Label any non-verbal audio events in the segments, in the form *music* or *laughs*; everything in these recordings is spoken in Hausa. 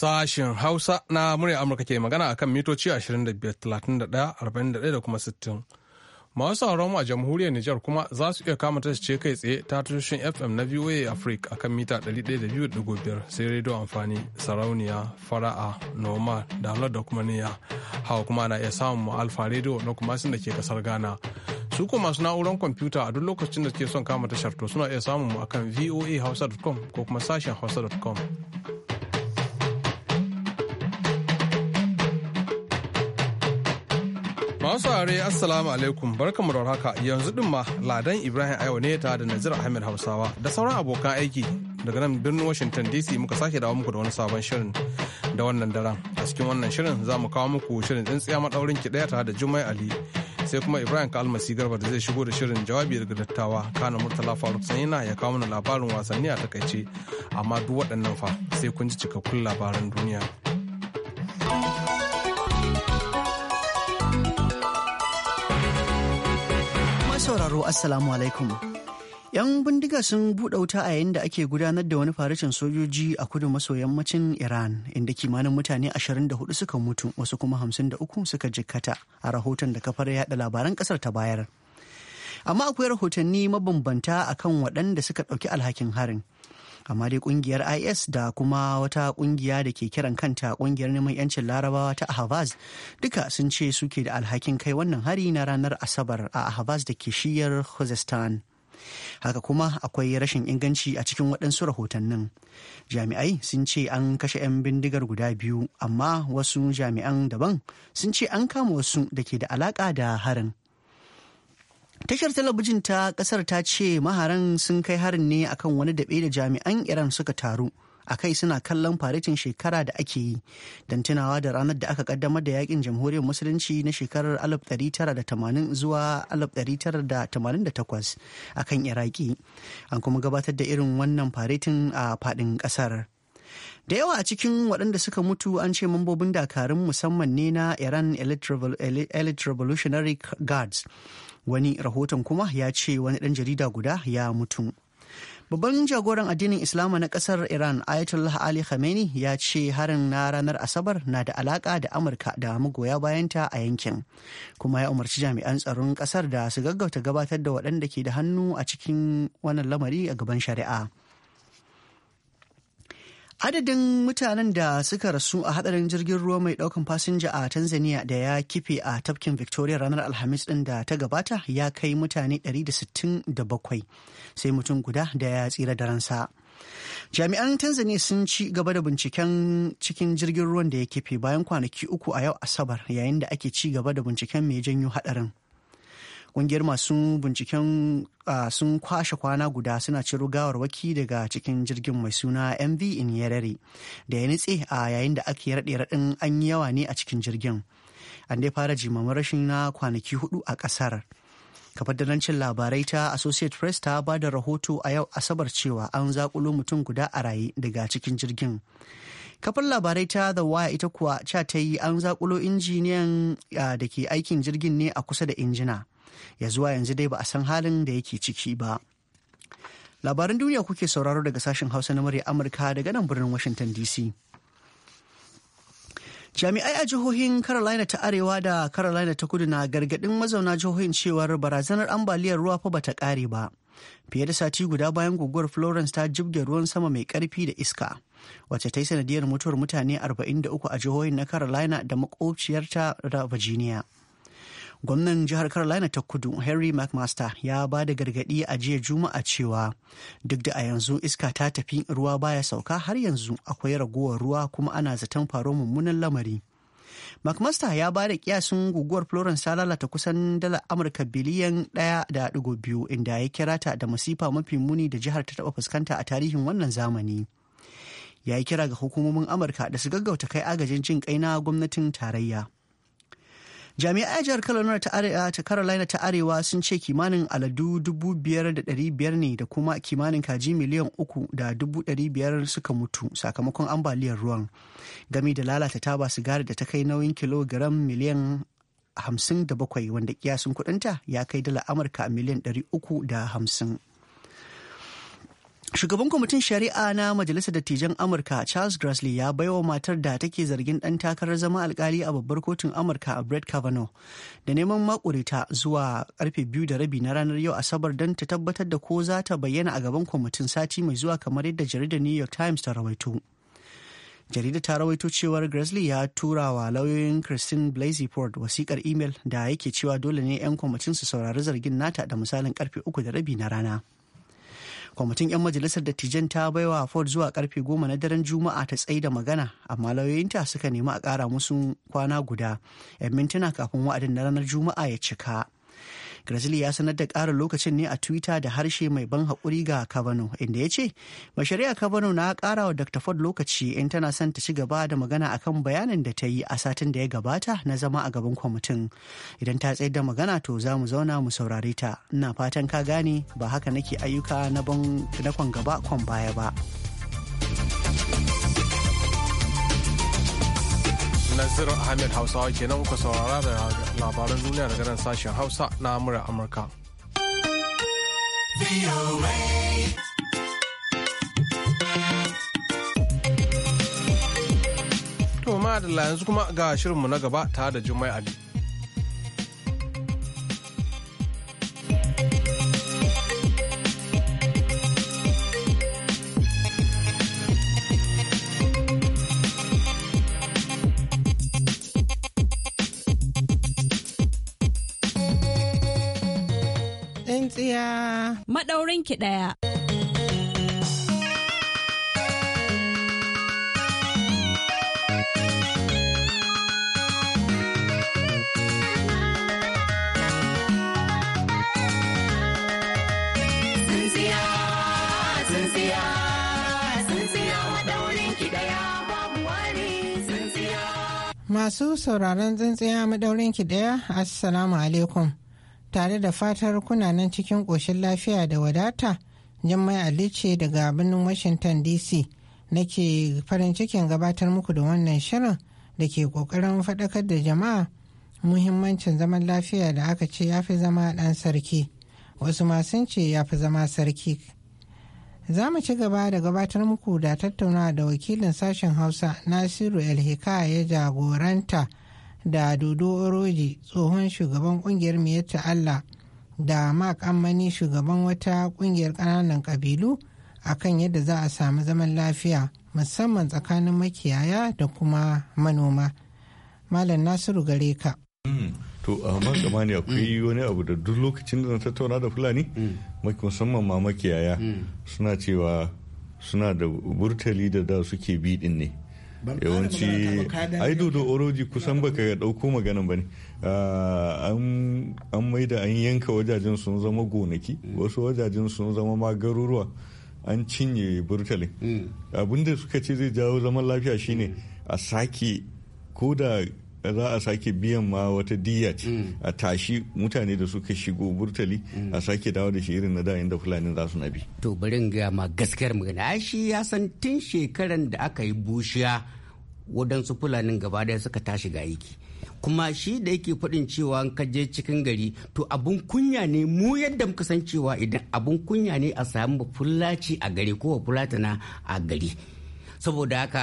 Sashen Hausa na murya Amurka ke magana a kan mitoci 25,31,41 da kuma 60. Masu sauran a jamhuriyar Nijar kuma za su iya kama ce kai tsaye ta tushen FM na VOA Africa a kan mita 102.5 sai rediyo amfani sarauniya fara'a noma da da kuma niya. Hawa kuma na iya samun mu alfa rediyo na kuma sun da ke kasar Ghana. su kuma masu na'urar kwamfuta a duk lokacin da ke son kama tashar to suna iya samun mu akan voahausa.com ko kuma sashen hausa.com. Masu are assalamu alaikum barkamu da haka yanzu din ma ladan Ibrahim Ayo ne tare da Nazir Ahmed Hausawa da sauran abokan aiki daga nan birnin Washington DC muka sake dawo muku da wani sabon shirin da wannan daren. A cikin wannan shirin za mu kawo muku shirin tsintsiya madaurin ki daya tare da Jumai Ali sai kuma Ibrahim Kalmasi Garba da zai shigo da shirin jawabi daga dattawa kana Murtala Faruk Sanyina ya kawo mana labarin wasanni a takaice amma duk waɗannan fa sai kun ji cikakkun labaran duniya. sauraro Assalamu alaikum. 'Yan bindiga sun buɗe wuta a yayin da ake gudanar da wani farashin sojoji a kudu maso yammacin Iran inda kimanin mutane 24 suka mutu wasu kuma 53 suka jikkata a rahoton da kafar yaɗa labaran kasar ta bayar. Amma akwai rahotanni mabambanta akan waɗanda suka ɗauki alhakin harin. amma dai kungiyar is da kuma wata kungiya da ke kiran kanta kungiyar neman yancin larabawa ta ahvaz duka sun ce suke da alhakin kai wannan hari na ranar asabar a ahvaz da ke shiyar khuzestan haka kuma akwai rashin inganci a cikin waɗansu rahotannin jami'ai sun ce an kashe 'yan bindigar guda biyu amma wasu jami'an daban sun ce an kama wasu da ke da alaƙa da harin Tashar talabijin ta kasar ta ce maharan sun kai harin ne akan wani daɓe da jami'an Iran suka taru a kai suna kallon faretin shekara da ake yi don tunawa da ranar da aka kaddamar da yakin jamhuriyar musulunci na shekarar 1980 zuwa 1988 a kan iraki an kuma gabatar da irin wannan faretin a fadin kasar da yawa a cikin waɗanda suka mutu an ce mambobin dakarun musamman ne na iran elite revolutionary guards wani rahoton kuma ya ce wani ɗan jarida guda ya mutu Babban jagoran addinin Islama na ƙasar Iran Ayatollah Ali Khamenei ya ce harin na ranar Asabar na da alaka da Amurka da magoya bayanta a yankin. Kuma ya umarci jami'an tsaron ƙasar da su gaggauta gabatar da waɗanda ke da hannu a cikin wannan lamari a gaban shari'a. Adadin mutanen da suka rasu a hadarin jirgin ruwa mai daukan fasinja a Tanzania da ya kife a tafkin Victoria ranar Alhamis din da ta gabata ya kai mutane 167 sai mutum guda da ya tsira da ransa. Jami'an Tanzania sun ci gaba da binciken cikin jirgin ruwan da ya kife bayan kwanaki uku a yau Asabar yayin da ake ci gaba da binciken mai janyo hadarin. Ƙungiyar masu binciken sun kwashe kwana guda suna ciro gawarwaki daga cikin jirgin mai suna MV Inyerere da ya nitse a yayin da ake raɗe raɗin an yi yawa ne a cikin jirgin. An dai fara jimamin rashin na kwanaki hudu a ƙasar. kafadarancin labarai ta associate press ta ba da rahoto a yau asabar cewa an zakulo mutum guda a raye daga cikin jirgin kafar labarai ta the wire ita kuwa ca ta yi an zakulo injiniyan da ke aikin jirgin ne a kusa da injina ya zuwa yanzu dai ba a san halin da yake ciki ba labaran duniya kuke sauraro daga sashen hausa na murya amurka daga nan birnin washington dc jami'ai a jihohin carolina ta arewa da carolina ta kudu na gargadin mazauna jihohin cewar barazanar ambaliyar ruwa fa bata kare ba fiye da sati guda bayan guguwar florence ta jibge ruwan sama mai karfi da iska Wace ta yi sanadiyar mutuwar mutane 43 a jihohin na carolina da makwabciyarta da virginia gwamnan jihar carolina ta kudu Harry mcmaster ya ba da gargaɗi a jiya juma'a cewa duk da a yanzu iska ta tafi ruwa baya sauka har yanzu akwai raguwar ruwa kuma ana zaton faro mummunan lamari mcmaster ya ba da kiyasin guguwar florence ta lalata kusan dala amurka biliyan da biyu, inda ya kira ta da masifa mafi muni da jihar ta taba fuskanta a tarihin wannan zamani ya yi kira ga hukumomin amurka da su gaggauta kai agajin jin kai na gwamnatin tarayya jami'ai jihar carolina ta arewa sun ce kimanin aladu 5,500 ne da kuma kimanin kaji miliyan uku da 3,500 suka mutu sakamakon ambaliyar ruwan gami da lalata taba sigari da ta kai nauyin kilogram miliyan 57 wanda kiyasin kudinta ya kai dala amurka miliyan 350 Shugaban kwamitin shari'a na Majalisar Dattijan Amurka Charles Grassley ya baiwa matar da take zargin ɗan takarar zama alkali a babbar kotun Amurka a Brett Kavanaugh da neman makurita zuwa karfe biyu da rabi na ranar yau Asabar don ta tabbatar da ko za ta bayyana a gaban kwamitin sati mai zuwa kamar yadda jaridar New York Times ta rawaito. jaridar ta rawaito cewar Grassley ya tura wa lauyoyin Christine Blasey Ford wasikar imel da yake cewa dole ne 'yan kwamitin su saurari zargin nata da misalin karfe uku da rabi na rana. kwamitin 'yan majalisar dattijan ta baiwa ford zuwa karfe goma na daren juma'a ta tsaye da magana amma lauyoyinta suka nemi a kara musu kwana guda 'yan mintuna kafin wa'adin na ranar juma'a ya cika Grazil ya sanar da ƙara lokacin ne a Twitter da harshe mai ban haƙuri ga Kavano inda ya ce, "Mashari'a Kavano na ƙara wa Dr. Ford lokaci in tana son ta ci gaba da magana akan bayanin da ta yi a satin da ya gabata na zama a gaban kwamitin. Idan ta tsayar da magana to za mu zauna mu saurare ta. Ina fatan ka gane ba haka nake ayyuka na kwan gaba kwan baya ba. Nazir Ahmed Hausawa kenan kuka saurara da labaran duniya daga nan sashen Hausa na murar Amurka. To ma da yanzu kuma ga shirinmu na gaba ta da Jummai Ali. tsiya maɗaurin ki ɗaya. Masu sauraron tsintsiya madaurinki daya, Assalamu alaikum. tare da fatar kunanan cikin ƙoshin lafiya da wadata Jummai Ali ce daga birnin Washington DC nake farin cikin gabatar muku da wannan shirin da ke ƙoƙarin faɗakar da jama'a muhimmancin zaman lafiya da aka ce ya fi zama ɗan sarki wasu ma sun ce ya fi zama sarki za mu ci gaba da gabatar muku da tattaunawa da wakilin sashen hausa nasiru el ya jagoranta da dodo oroji tsohon shugaban kungiyar miyatta allah da mark ammani shugaban wata kungiyar ƙananan ƙabilu kan yadda za a samu zaman lafiya musamman tsakanin makiyaya da kuma manoma malam nasiru gare ka hmm, to a kamani akwai hmm. wani abu da duk lokacin da na tattauna da fulani hmm. musamman ma makiyaya suna cewa suna da burtali da da suke bi din ne yawanci ai dodo oroji kusan baka dauko maganan bane ah, an maida an yanka wajajen sun zama gonaki wasu wajajen sun zama ma garuruwa an cinye burtali mm. abinda suka ce zai jawo zaman lafiya shine a sake ko da za a sake biyan ma wata diya mm. a tashi mutane da suka shigo burtali mm. a sake dawo da shi irin na da inda fulani za su na bi. To bari gaya ma gaskiyar magana shi ya san tun shekaran da aka yi bushiya wadansu fulanin gaba daya suka tashi ga aiki. kuma shi da yake faɗin cewa an kaje cikin gari to abun kunya ne mu yadda muka san cewa idan abun kunya ne a samu fulaci a gari ko fulatana a gari saboda haka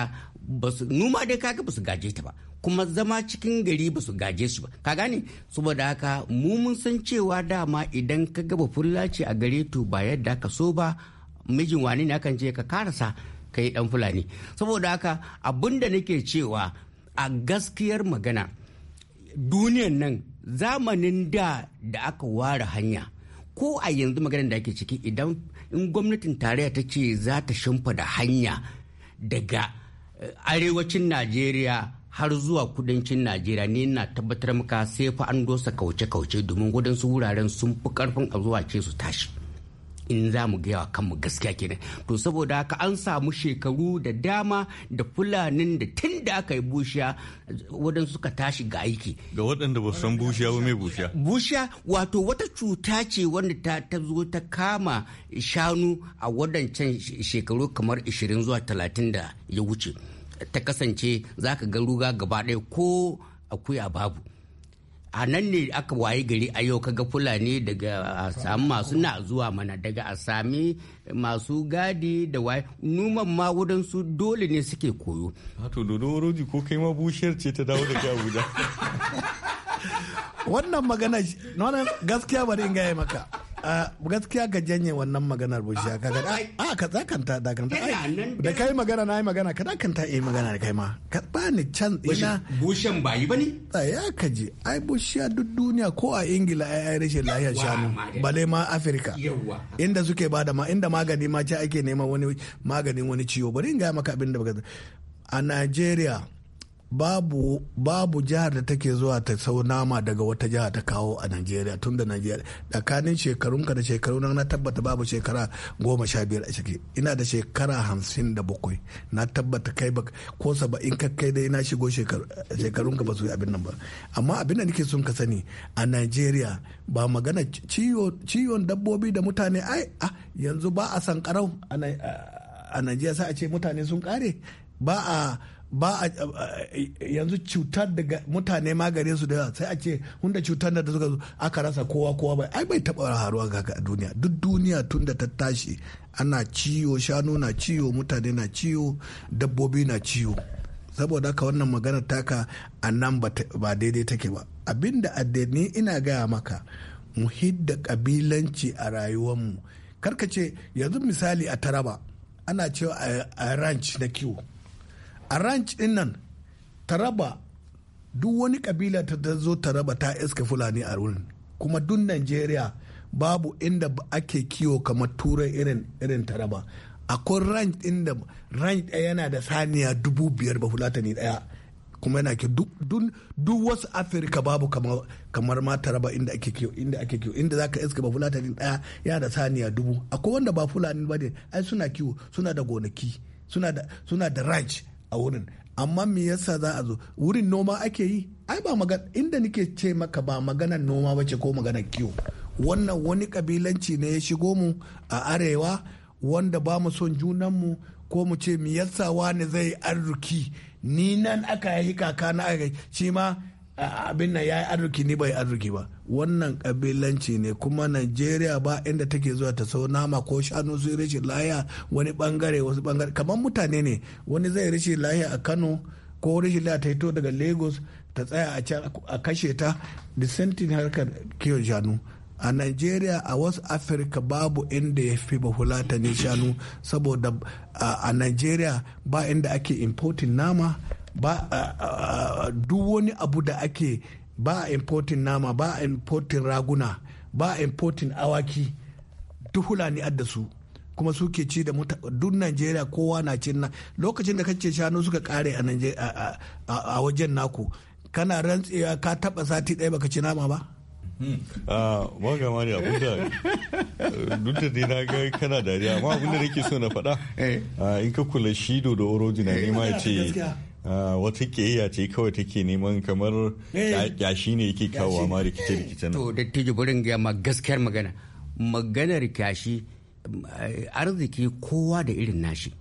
numa dai kaga su gaje ta ba kuma zama cikin gari ba su gaje su ba ka gane saboda haka mu mun san cewa dama idan ka gaba fulaci a gare to ba yadda ka so ba mijin wani ne akan ce ka karasa ka yi dan fulani saboda haka abin da nake cewa a gaskiyar magana duniyan nan zamanin da da aka ware hanya ko a yanzu maganar da ake ciki idan in gwamnatin tarayya ta ce za ta da hanya daga eh, arewacin najeriya har zuwa kudancin najeriya ne na tabbatar maka sai fa an dosa kauce-kauce domin wadansu wuraren sun fi karfin a zuwa ce su tashi in za mu gaya wa kanmu gaskiya kenan to saboda haka an samu shekaru da dama da fulanin da tun da aka yi bushiya waɗansu suka tashi ga aiki ga waɗanda ba san bushiya ba mai bushiya bushiya wato wata cuta ce wanda ta, ta zo ta kama shanu a waɗancan shekaru kamar 20 zuwa 30 da ya wuce ta kasance za ka ga ruga gaba ɗaya ko akuya babu a nan ne aka waye gari a yau kaga fulani daga a sami masu na zuwa mana daga a sami masu gadi da waye numan ma wurin su dole ne suke koyo wato ah, dodo roji ko kai ma bushiyar ce ta dawo da abuja *laughs* wannan magana gaskiya bari in gaya maka gaskiya ka janye wannan maganar bushiya ah, ka ga a ah, ka zakanta da kanta da kai magana na yi magana ka zakanta yi eh, magana da kai ma ka ba ni can ina bushen ba yi bane ya ka ji ai bushiya duk duniya ko a ingila ai ai rashin lahiyar shanu bale ma afirka inda suke bada ma inda magani ma ce ake nema wani maganin wani ciwo bari in ga maka abin da a Najeriya babu babu jihar da take zuwa ta sau nama daga wata jiha ta kawo a najeriya tun da najeriya tsakanin shekarunka da shekaru na tabbata babu shekara goma sha biyar a ciki ina da shekara hamsin da bakwai na tabbata kai ba ko saba'in ka kai dai na shigo shekarunka ba su yi abin nan ba amma abin da nake sun ka sani a najeriya ba magana ciwon dabbobi da mutane ai yanzu ba a sankarau a najeriya sai a ce mutane sun kare ba a ba a yanzu cutar daga mutane magare su da sai a ce wanda cutar da suka zo aka rasa kowa kowa bai ai bai taba haruwa ga duniya duk duniya tun da ta tashi ana ciwo shanu na ciwo mutane na ciwo dabbobi na ciwo saboda haka wannan magana taka a nan ba daidai take ba abinda addini ina gaya maka mu hidda kabilanci a rayuwarmu karka ce yanzu misali a taraba ana cewa a ranch na kiwo a ranch din nan ta raba duk wani kabila ta zo ta raba ta iska fulani a wurin kuma duk najeriya babu inda ake kiwo kamar turai irin irin ta raba akwai ranch din da ranch ɗaya yana da saniya dubu biyar ba fulatani ɗaya kuma yana ke duk wasu afirka babu kamar ma taraba inda ake kiwo inda ake kiwo inda zaka iska ba fulatani daya yana da saniya dubu akwai wanda ba fulani ba ne ai suna kiwo suna da gonaki suna da suna da ranch a wurin amma me yasa za a zo wurin noma ake yi ai ba magana inda nike ce maka ba maganar noma ba ko maganar kiwo wannan wani kabilanci ne ya shigo mu a arewa wanda ba mu son mu ko mu ce me yasa wani zai arruki ni nan aka yi kaka na aka shi ma abin nan ya yi arziki ni bai arziki ba wannan kabilanci ne kuma najeriya ba inda take zuwa ta sau nama ko shanu su rashin lahiya wani bangare wasu bangare kamar mutane ne wani zai rashin lahiya a kano ko rashin lahiya ta hito daga lagos ta tsaya a can a kashe ta dissenting harkar kiyon shanu a najeriya a wasu afirka babu inda ya fi bahulata ne shanu saboda a najeriya ba inda ake importing nama ba duk wani abu da ake ba importing nama ba importing raguna ba importing awaki duk hulani adda su kuma suke ci da duk najeriya kowa na cin na lokacin da kace shanu suka kare a wajen naku kana rantsewa ka taba sati ɗaya baka ci nama ba maga hmm. ah, mani abinda duk da na ga kana dariya amma abinda ke so na faɗa eh. ah, in ka kula shi da orojina eh, ne ma ce Ah, wata ƙiyayya ce kawai take neman kamar eh. kyashi ne yake kawo ma rikice-rikice to da tuji burin ga ma gaskiyar magana maganar kyashi eh, arziki kowa da irin nashi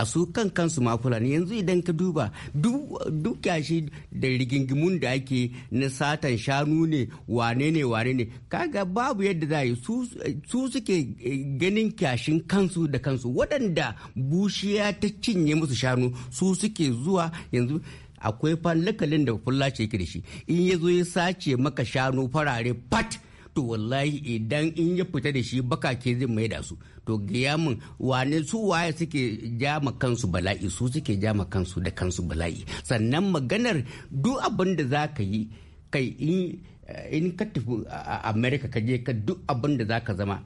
a su kan kansu ma fulani yanzu idan ka duba duk yashi da rigingimun da ake na satan shanu ne wane ne wane ne kaga babu yadda za yi su suke eh, ganin kyashin kansu da kansu waɗanda bushiya ta cinye musu shanu su suke zuwa yanzu akwai fan lakalin da fulla ce da shi in ya zo ya sace maka shanu farare pat to wallahi idan in ya fita da shi bakake zai mai da su to gaya min wane su waye suke jama kansu bala'i su suke jama kansu da kansu bala'i sannan maganar duk abin da za ka yi kai in ka tafi america ka je ka duk abin da za ka zama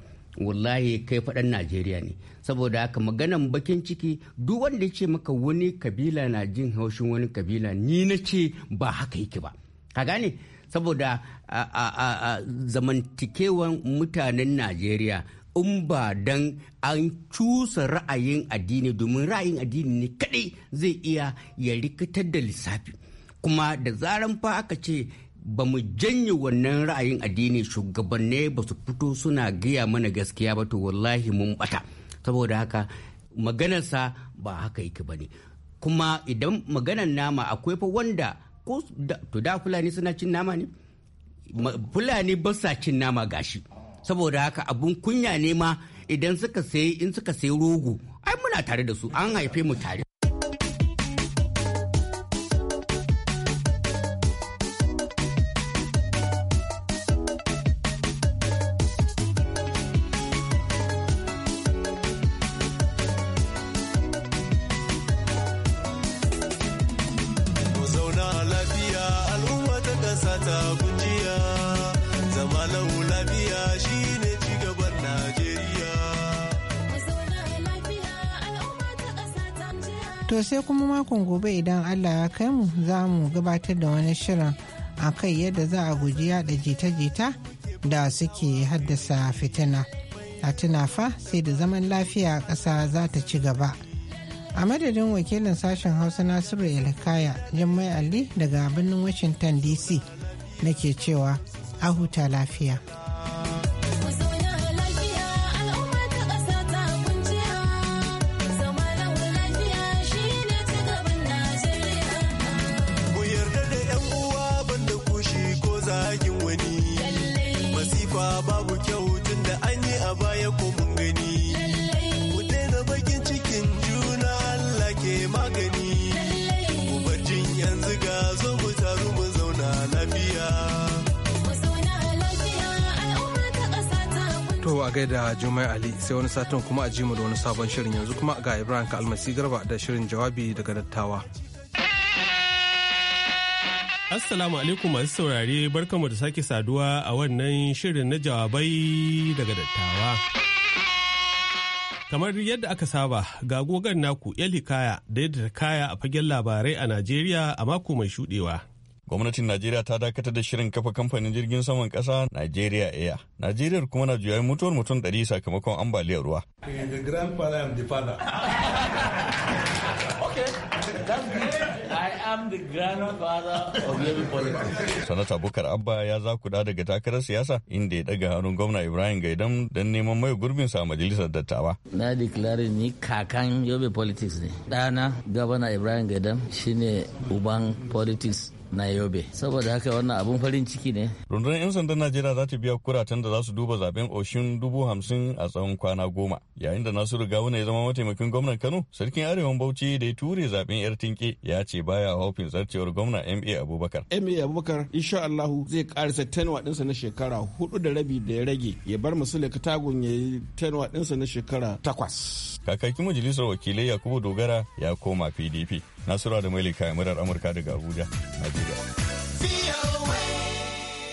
wallahi kai faɗan najeriya ne saboda haka maganan bakin ciki duk wanda ya ce maka wani kabila na jin haushin wani kabila ni na ce ba haka yake ba ka gane saboda a zamantakewan mutanen najeriya in ba dan an cusa ra'ayin addini domin ra'ayin addini ne kadai zai iya ya rikitar da lissafi kuma da zaran fa aka ce ba mu janye wannan ra'ayin addini shugabanni ba su fito suna gaya mana gaskiya ba to wallahi mun bata saboda haka maganarsa ba haka yake ba ne kuma idan maganar nama akwai fa wanda ko to da fulani suna cin nama ne fulani ba sa cin nama gashi saboda haka abun kunya ne ma idan suka sayi in suka sayi rogo ai muna tare da su an haife mu tare makon gobe idan Allah ya kai mu za mu gabatar da wani shirin a kai yadda za a guji yada jita-jita da suke haddasa fitina. A tuna fa sai da zaman lafiya ƙasa za ta ci gaba. A madadin wakilin sashen Hausa Nasiru Elkaya Jummai Ali daga birnin Washington DC nake cewa a huta lafiya. gaida Jumai Ali sai wani satin kuma a jima da wani sabon shirin yanzu kuma ga Ibrahim ka almasi Garba da shirin jawabi daga dattawa. Assalamu alaikum masu saurare barkamu da sake saduwa a wannan shirin na jawabai daga dattawa. Kamar yadda aka saba ga gogon naku Eli Kaya da yadda kaya a fagen labarai a Najeriya a mako mai shudewa. Gwamnatin Najeriya ta dakatar da shirin kafa kamfanin jirgin saman ƙasa Nigeria Air. Najeriya kuma na juyayin mutuwar mutum ɗari sakamakon ambaliyar ruwa. Sanata Bukar Abba ya za da daga takarar siyasa inda ya daga hannun gwamna Ibrahim Gaidam don neman mai gurbin sa majalisar dattawa. Na declare ni kakan yobe politics ne. Ɗana gabana Ibrahim Gaidam shine uban politics na yobe saboda haka wannan abun farin ciki ne rundunar 'yan sandan najeriya za ta biya kuratan da za su duba zaben oshin dubu hamsin a tsawon kwana goma yayin da nasiru gawuna ya zama mataimakin gwamnan kano sarkin arewan bauchi da ya ture zaben yar tinke ya ce baya haufin zarcewar gwamna ma abubakar ma abubakar insha allahu zai karisa tenwa dinsa na shekara hudu da rabi da ya rage ya bar musulun tagun ya yi tenwa dinsa na shekara takwas kakakin majalisar wakilai yakubu dogara ya koma pdp nasiru da mailika murar amurka daga abuja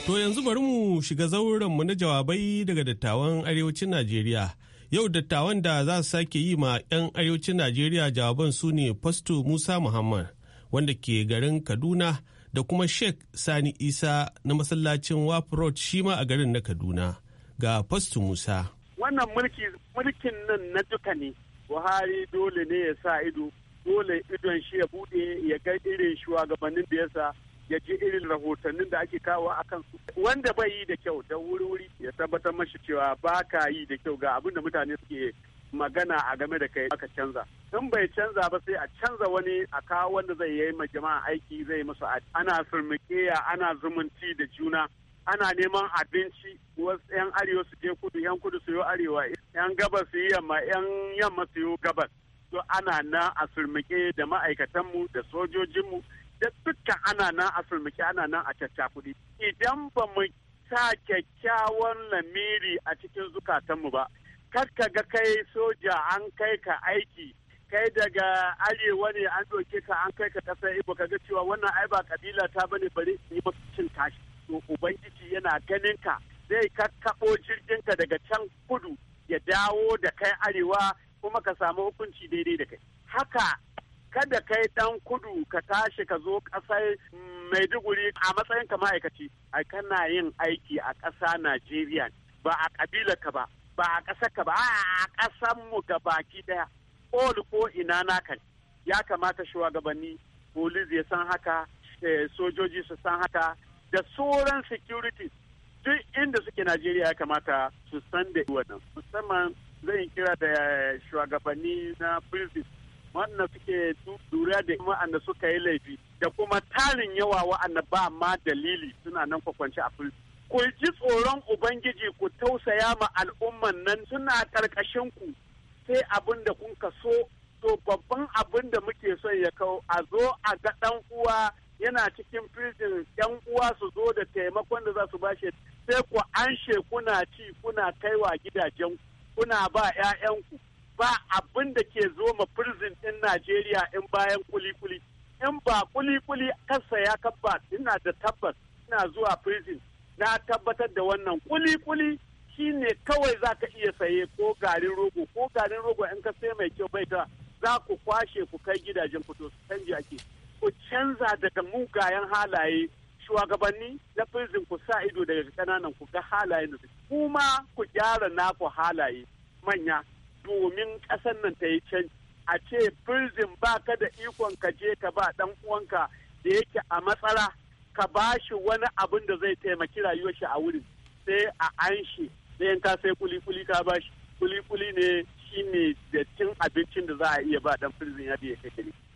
To yanzu bari mu shiga zauren mu na jawabai daga dattawan arewacin Najeriya. Yau dattawan da za su sake yi ma 'yan arewacin Najeriya jawaban su ne Fasto Musa Muhammad wanda ke garin Kaduna da kuma Sheikh Sani Isa na masallacin wafrot shi ma a garin na Kaduna ga Fasto Musa. Wannan mulki mulkin nan na duka ne. Buhari dole ne ya sa ido dole idon shi ya bude ya ga irin shugabannin da yasa ya ji irin rahotannin da ake kawo a kan su. wanda bai yi da kyau da wuri-wuri ya tabbatar mashi cewa ba ka yi da kyau ga abin da mutane suke magana a game da kai aka canza in bai canza ba sai a canza wani a kawo wanda zai yi ma jama'a aiki zai masu adi. ana surmiƙeya ana zumunci da juna ana neman abinci wasu 'yan arewa su je kudu 'yan kudu su yi arewa 'yan gabas su yi yamma 'yan yamma su yi gabas to ana nan a sulmuke da ma'aikatanmu da sojojinmu da dukkan ana nan a sulmuke ana nan a caccakuɗi idan ba mu sa kyakkyawan lamiri a cikin zukatanmu ba kar ka ga kai soja an kai ka aiki kai daga arewa ne an ɗauke ka an kai ka ƙasa ibo ka ga cewa wannan ai ba kabila ta bane bari su yi masu cin tashi to ubangiji yana ganin ka zai kakkaɓo jirginka daga can kudu ya dawo da kai arewa kuma ka samu hukunci daidai da kai haka kada kai dan kudu ka tashi ka zo kasar maiduguri a matsayin ka ma'aikaci a kana yin aiki a ƙasa najeriya ba a ƙabilar ka ba ba a ƙasar ka ba a ƙasar mu ga baki daya all ko ina naka ya kamata shugabanni police ya san haka eh, sojoji su san haka da sauran security duk inda suke najeriya ya kamata su san da wannan musamman zan kira da eh, shugabanni na prison wannan suke lura da wa'anda suka yi laifi da kuma tarin yawa wa'anda ba ma dalili suna nan kwakwanci a prison. Ku ji tsoron Ubangiji ku tausaya ma al'umman nan suna karkashin ku sai abin da kun so to babban abin da muke son ya kawo a zo a ga ɗan uwa yana cikin prison yan uwa su zo da taimakon da za su bashi sai ku an kuna ci kuna kaiwa gidajen ku kuna ba 'ya'yanku ba abin da ke zo ma prison ɗin Najeriya in bayan kuli-kuli. In ba kuli-kuli kasa ya kabba ina da tabbas ina zuwa prison na tabbatar da wannan kuli-kuli shi ne kawai za ka iya saye ko garin rogo ko garin rogo in ka sai mai kyau bai ta za ku kwashe ku kai gidajen fito su canji ake ku canza daga mugayen halaye shugabanni na prison ku sa ido daga kananan ku ga halayen da suke kuma ku gyara naku halaye manya domin ƙasar nan ta yi canji a ce birzin ba ka da ikon ka je ka ba dan uwanka da yake a matsara ka ba shi wani abin da zai taimaki rayuwar shi a wurin sai a an shi ɗayan ka sai kuli ka ba shi kuli-kuli ne shine dattin abincin da za a iya ba dan birzin ya biya kai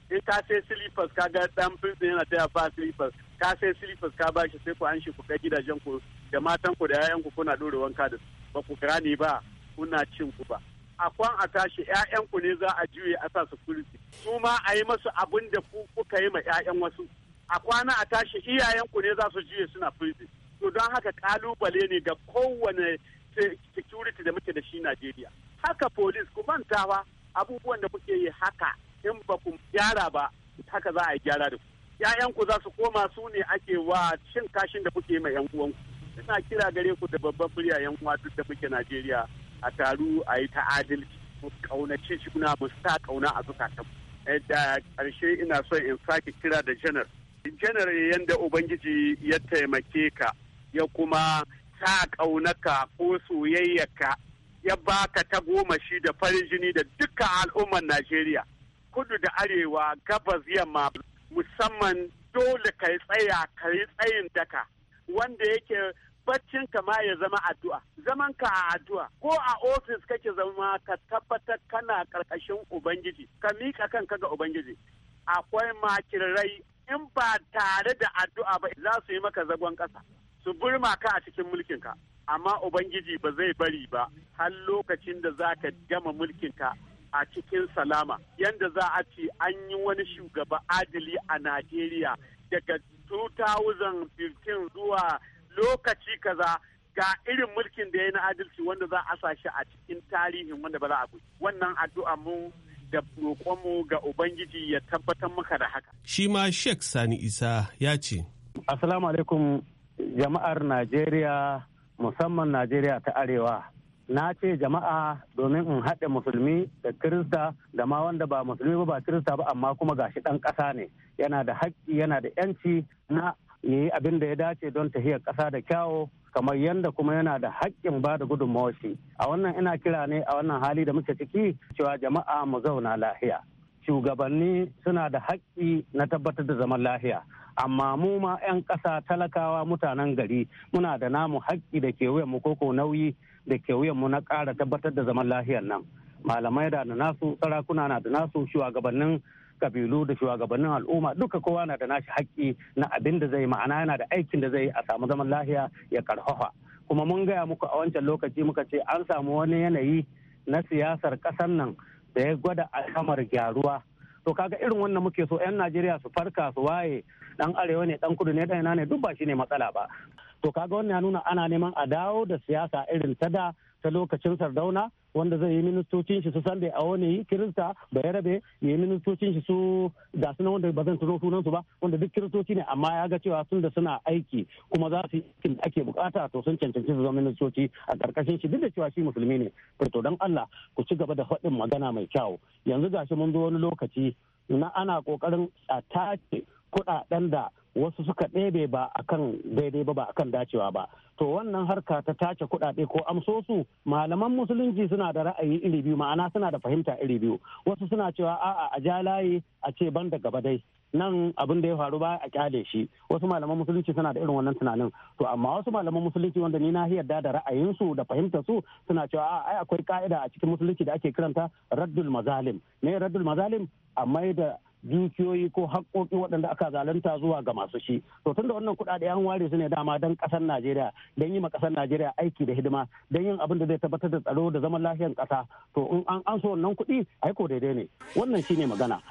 in ka sai silifas ka ga dan prison yana taya ba silifas ka sai silifas ka ba shi sai ku an shi ku kai gidajen ku da matan ku da yayan ku kuna dore wanka da ba ku ni ba kuna cin ku ba a kwan a tashi yayan ku ne za a juye a sa security su ma a yi masu abun da ku kuka yi ma 'ya'yan wasu a kwana a tashi iyayen ku ne za su juye suna prison to don haka kalubale ne ga kowane security da muke da shi Najeriya haka police ku mantawa abubuwan da kuke yi haka in ba ku gyara ba haka za a yi gyara da ku ku za su koma su ne ake wa cin kashin da kuke ma yan uwanku ina kira gare ku da babban murya yan uwa duk da muke Najeriya a taru a yi ta adalci mu kaunace juna mu sa kauna a zukatan da karshe ina so in sake kira da janar janar yadda ubangiji ya taimake ka ya kuma sa ƙaunaka ko ka ya baka ta goma shi da farin jini da duka al'ummar Najeriya kudu da arewa gabas yamma musamman dole ka yi tsaya ka yi tsayin daka wanda yake baccin ka ma ya zama addu'a zaman ka a addu'a ko a ofis kake zama ka tabbatar kana karkashin ubangiji ka miƙa kanka ga ubangiji akwai makirai in ba tare da addu'a ba za su yi maka zagon ƙasa su burma ka a cikin mulkin ka. amma ubangiji ba zai bari ba har lokacin da za ka mulkin ka. a cikin salama yadda za a ce an yi wani shugaba adali a Najeriya daga 2015 zuwa lokaci kaza ga irin mulkin da ya na adalci wanda za a sa shi a cikin tarihin wanda ba za a wannan addu'a mu da roƙonmu ga Ubangiji ya tabbatar maka da haka. Shi ma Sheikh Sani Isa ya ce. Assalamu alaikum jama'ar Najeriya musamman Najeriya ta Arewa. na ce jama'a domin in haɗe musulmi da kirista da ma wanda ba musulmi ba ba kirista ba amma kuma gashi ɗan ƙasa ne yana da haƙƙi yana da 'yanci na yayi abin da ya dace don tahiyar ƙasa da kyawo kamar yadda kuma yana da haƙƙin ba da gudunmawar shi a wannan ina kira ne a wannan hali da muke ciki cewa jama'a mu zauna lahiya shugabanni suna da haƙƙi na tabbatar da zaman lahiya amma mu ma 'yan ƙasa talakawa mutanen gari muna da namu haƙƙi da kewayen mu ko nauyi da kewayen mu na ƙara tabbatar da zaman lafiyar nan malamai da nasu sarakuna na da nasu shugabannin kabilu da shugabannin al'umma duka kowa na da nashi haƙƙi na abin da zai ma'ana yana da aikin da zai a samu zaman lafiya ya karfafa kuma mun gaya muku a wancan lokaci muka ce an samu wani yanayi na siyasar ƙasar nan da ya gwada alhamar gyaruwa to kaga irin wannan muke so 'yan najeriya su farka su waye dan arewa ne dan kudu ne dan ina ne duk ba shine matsala ba to kaga wannan ya nuna ana neman a dawo da siyasa irin ta da ta lokacin sardauna wanda zai yi ministocin shi su da a wani kirista rabe ya yi ministocin shi su ga suna wanda ba zan tuno sunan su ba wanda duk kiristoci ne amma ya ga cewa sun da suna aiki kuma za su yi ake bukata to sun cancanci su zama ministoci a karkashin shi duk da cewa shi musulmi ne to dan Allah ku ci gaba da faɗin magana mai kyau yanzu gashi mun zo wani lokaci na ana kokarin a tace kuɗaɗen da wasu suka ɗebe ba a kan daidai ba ba kan dacewa ba to wannan harka ta tace kuɗaɗe ko amsosu malaman musulunci suna da ra'ayi iri biyu ma'ana suna da fahimta iri biyu wasu suna cewa a'a a ja layi a ce ban da gaba dai nan abin da ya faru ba a kyale shi wasu malaman musulunci suna da irin wannan tunanin to amma wasu malaman musulunci wanda ni na yarda da ra'ayinsu da fahimtar su suna cewa a'a ai akwai ka'ida a cikin musulunci da ake kiranta raddul mazalim ne raddul mazalim a mai da dukiyoyi ko haƙƙoƙi waɗanda aka zalunta zuwa ga masu shi to tunda wannan kuɗaɗe an ware su ne dama don ƙasar najeriya don yi ma ƙasar najeriya aiki da hidima don yin abin da zai tabbatar da tsaro da zaman lafiyar ƙasa to in an an so wannan kuɗi aiko daidai ne wannan shi ne magana.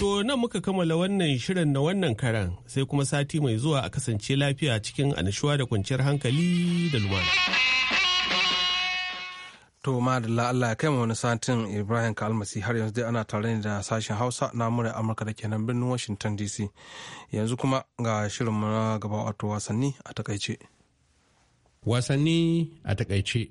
to nan muka kammala wannan shirin na wannan karan sai kuma sati mai zuwa a kasance lafiya cikin anishuwa da kwanciyar hankali da lumana. To madalla Allah ya kai mu wani satin Ibrahim Kalmasi har yanzu dai ana tare ne da sashen Hausa na murar Amurka da kenan birnin Washington DC. Yanzu kuma ga shirin na gaba wato wasanni a takaice. Wasanni a takaice.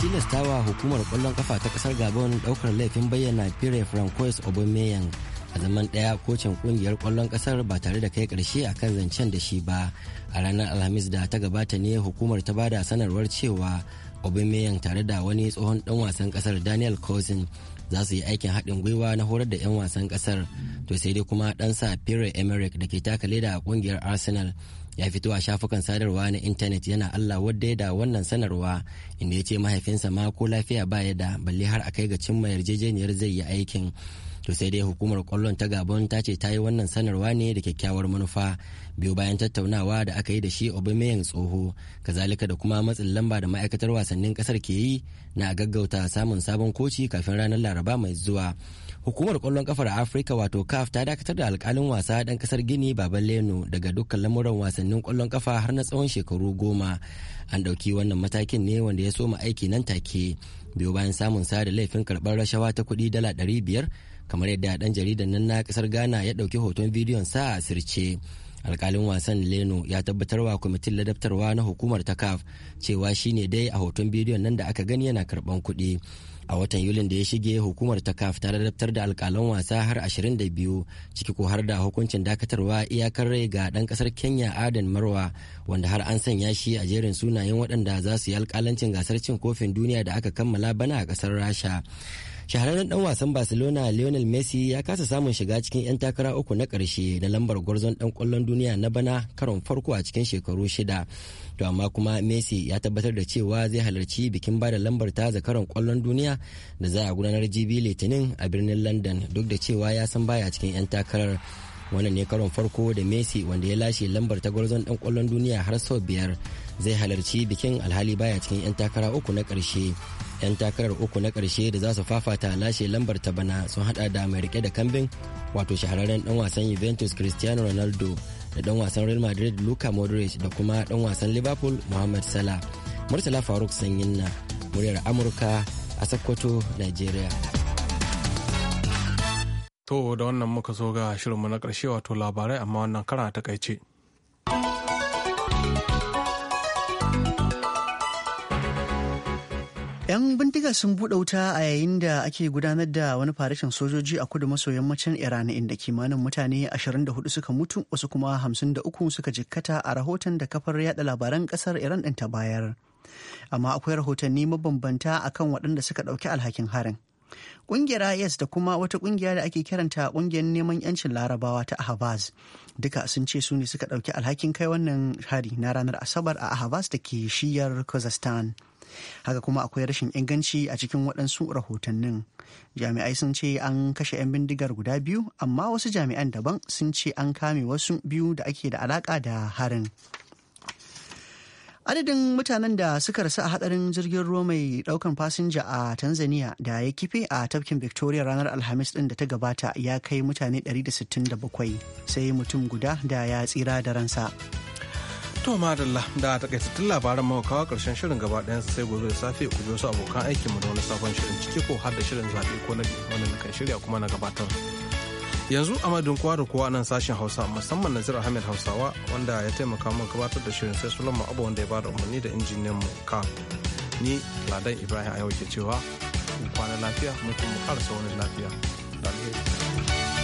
tilastawa hukumar kwallon kafa ta kasar gabon daukar laifin bayyana pire francois obameyan a zaman ɗaya kocin kungiyar kwallon ƙasar ba tare da kai karshe a kan zancen da shi ba a ranar alhamis da ta gabata ne hukumar ta bada sanarwar cewa obimeyan tare da wani tsohon dan wasan kasar daniel cousin za su yi aikin haɗin gwiwa na horar da 'yan wasan ƙasar to sai dai kuma ɗansa pierre emerick da ke taka leda a ƙungiyar arsenal ya fito a shafukan sadarwa na intanet yana allah wadda ya da wannan sanarwa inda ya ce mahaifinsa ma ko lafiya ba ya da balle har a kai ga cimma yarjejeniyar zai yi aikin to sai dai hukumar kwallon ta gabon ta ce ta yi wannan sanarwa ne da kyakkyawar manufa biyu bayan tattaunawa da aka yi da shi obameyan tsoho kazalika da kuma matsin lamba da ma'aikatar wasannin kasar ke yi na gaggauta samun sabon koci kafin ranar laraba mai zuwa hukumar kwallon kafar afirka wato caf ta dakatar da alkalin wasa dan kasar gini baban leno daga dukkan lamuran wasannin kwallon kafa har na tsawon shekaru goma an dauki wannan matakin ne wanda ya soma aiki nan take biyu bayan samun sa da laifin karbar rashawa ta kudi dala ɗari biyar kamar yadda dan jaridan nan na kasar ghana ya ɗauki hoton bidiyon sa a sirce alkalin wasan leno ya tabbatar wa kwamitin ladabtarwa na hukumar ta caf cewa shine dai a hoton bidiyon nan da aka gani yana karban kuɗi a watan yulin da ya shige hukumar ta caf ta ladabtar da alkalan wasa har 22 ciki ko har da hukuncin dakatarwa iyakar rai ga dan kasar kenya adan marwa wanda har an sanya shi a jerin sunayen waɗanda za su yi alkalancin gasar cin kofin duniya da aka kammala bana a kasar rasha shahararren dan wasan barcelona lionel messi ya kasa samun shiga cikin 'yan takara uku na karshe na lambar gwarzon dan kwallon duniya na bana karon farko a cikin shekaru shida to amma kuma messi ya tabbatar da cewa zai halarci bikin bada lambar ta zakaran kwallon duniya da za a gudanar jibi litinin a birnin london duk da cewa ya san baya cikin 'yan takarar wannan ne karon farko da messi wanda ya lashe lambar ta gwarzon dan kwallon duniya har sau biyar zai halarci bikin alhali baya cikin 'yan takara uku na karshe 'yan takarar uku na karshe da za su fafata lashe lambar ta bana sun hada da mai rike da kambin wato shahararren dan wasan juventus cristiano ronaldo da dan wasan real madrid luka modric da kuma dan wasan liverpool mohamed salah murtala faruk sanyin na muryar amurka a sokoto nigeria to da wannan muka zo ga shirinmu na karshe wato labarai amma wannan kara takaice. 'Yan bindiga sun buɗe wuta a yayin da ake gudanar da wani farashin sojoji a kudu maso yammacin Iran inda kimanin mutane 24 suka mutu wasu kuma 53 suka jikkata a rahoton da kafar yada labaran kasar Iran ɗin ta bayar. Amma akwai rahotanni mabambanta a kan waɗanda suka ɗauki alhakin harin. Ƙungiyar IS da kuma wata ƙungiya da ake kiranta ƙungiyar neman 'yancin larabawa ta Ahabaz duka sun ce su ne suka ɗauki alhakin kai wannan hari na ranar Asabar a Ahvaz da ke shiyar Kazakhstan. haka kuma akwai rashin inganci a cikin waɗansu rahotannin jami'ai sun ce an kashe 'yan bindigar guda biyu amma wasu jami'an daban sun ce an kame wasu biyu da ake da alaƙa da harin adadin mutanen da suka rasu a hadarin jirgin ruwa mai daukan fasinja a tanzania da ya kife a tafkin victoria ranar alhamis din da ta gabata ya kai mutane 167 sai mutum guda da ya tsira da ransa To madalla da takaitattun labaran mawakawa karshen shirin gaba ɗayan sai gobe da safe ku biyo su abokan aikin mu da wani sabon shirin ciki ko har da shirin zaɓe ko na wani kan shirya kuma na gabatar. Yanzu a madun kowa da kowa nan sashen Hausa musamman Nazir Ahmed Hausawa wanda ya taimaka min gabatar da shirin sai Sulaiman Abu wanda ya bada umarni da injiniyan mu ka ni Ladan Ibrahim a yau ke cewa kwana lafiya mu kuma ƙarasa wani lafiya. Alheri.